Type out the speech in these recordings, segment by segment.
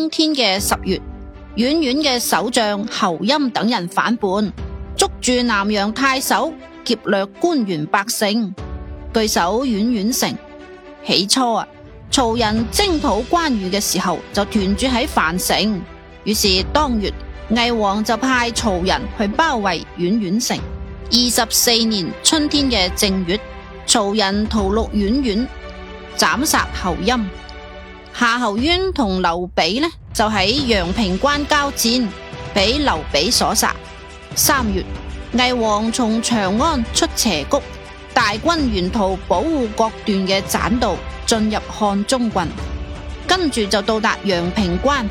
冬天嘅十月，宛宛嘅守將侯音等人反叛，捉住南陽太守，劫掠官員百姓，據守宛宛城。起初啊，曹仁征討關羽嘅時候就屯駐喺樊城，於是當月魏王就派曹仁去包圍宛宛城。二十四年春天嘅正月，曹仁屠戮宛宛，斬殺侯音、夏侯淵同劉備呢。就喺陽平關交戰，俾劉備所殺。三月，魏王從長安出斜谷，大軍沿途保護各段嘅棧道，進入漢中郡，跟住就到達陽平關。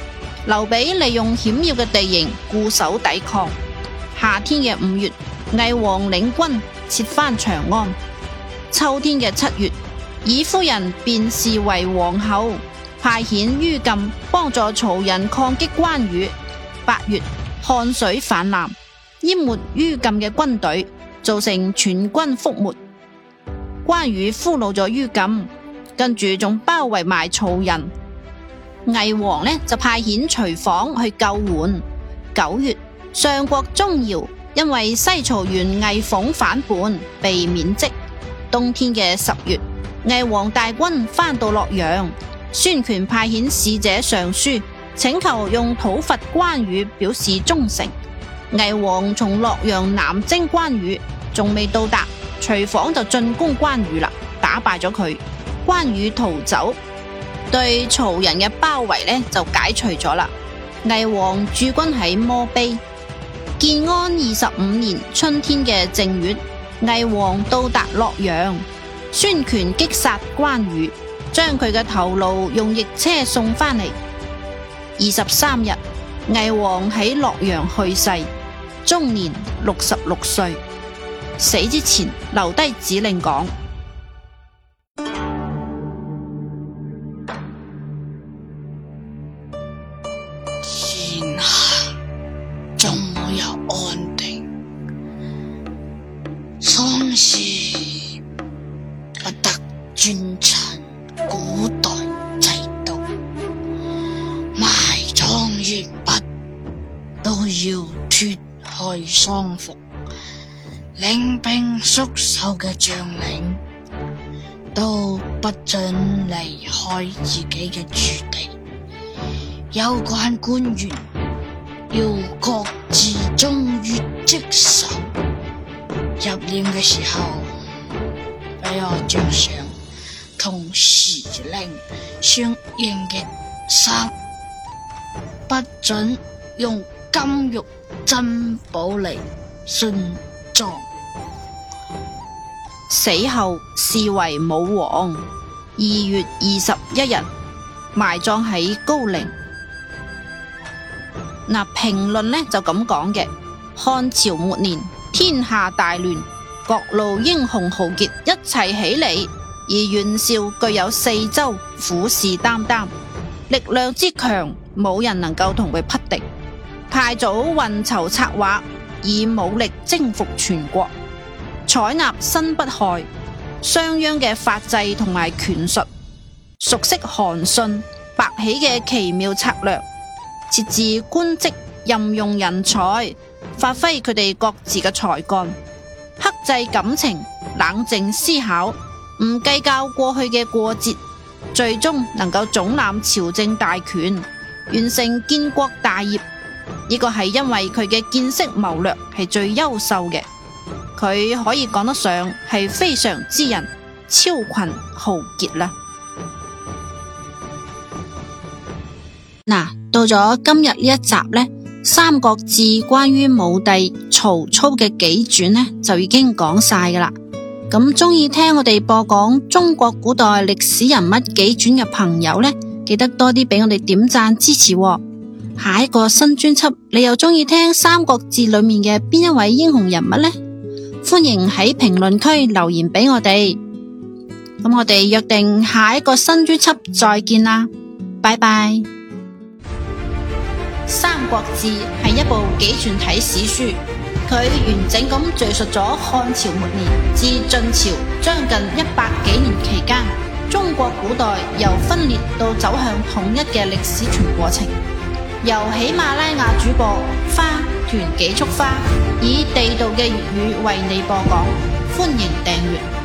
劉備利用險要嘅地形固守抵抗。夏天嘅五月，魏王領軍撤翻長安。秋天嘅七月，以夫人卞氏為皇后。派遣于禁幫助曹仁抗擊關羽。八月漢水泛濫，淹沒于禁嘅軍隊，造成全軍覆沒。關羽俘虜咗于禁，跟住仲包圍埋曹仁。魏王呢就派遣徐晃去救援。九月上國鐘繇因為西曹元魏諷反叛被免職。冬天嘅十月，魏王大軍翻到洛陽。孫權派遣使者上書，請求用討伐關羽表示忠誠。魏王從洛陽南征關羽，仲未到達，徐晃就進攻關羽啦，打敗咗佢。關羽逃走，對曹仁嘅包圍呢就解除咗啦。魏王駐軍喺摩陂。建安二十五年春天嘅正月，魏王到達洛陽，孫權擊殺關羽。將佢嘅頭顱用驛車送翻嚟。二十三日，魏王喺洛陽去世，終年六十六歲。死之前留低指令講：天下仲冇有安定，喪事不得遵古。古代制度，埋葬完畢都要脫去喪服，領兵宿守嘅將領都不准離開自己嘅駐地，有關官員要各自忠於職守。入殮嘅時候，俾我照相。同時令相應嘅三不准用金玉珍寶嚟殉葬，死後視為武王。二月二十一日，埋葬喺高陵。嗱，評論呢就咁講嘅，漢朝末年天下大亂，各路英雄豪傑一齊起嚟。而袁紹具有四州虎視眈眈，力量之強，冇人能夠同佢匹敵。太祖運籌策劃，以武力征服全國，採納申不害、商鞅嘅法制同埋權術，熟悉韓信、白起嘅奇妙策略，設置官職任用人才，發揮佢哋各自嘅才幹，克制感情，冷靜思考。唔計較過去嘅過節，最終能夠總攬朝政大權，完成建國大業。呢個係因為佢嘅見識謀略係最優秀嘅，佢可以講得上係非常之人，超群豪傑啦。嗱，到咗今日呢一集呢《三國志》關於武帝曹操嘅紀傳呢，就已經講晒噶啦。咁鍾意聽我哋播講中國古代歷史人物紀傳嘅朋友呢，記得多啲俾我哋點讚支持，哦。下一個新專輯，你又鍾意聽《三國志》裏面嘅邊一位英雄人物呢？歡迎喺評論區留言俾我哋。咁我哋約定下一個新專輯再見啦，拜拜。《三國志》係一部紀傳體史書。佢完整咁敘述咗漢朝末年至晉朝將近一百幾年期間，中國古代由分裂到走向統一嘅歷史全過程。由喜馬拉雅主播花團幾束花以地道嘅粵語為你播講，歡迎訂閱。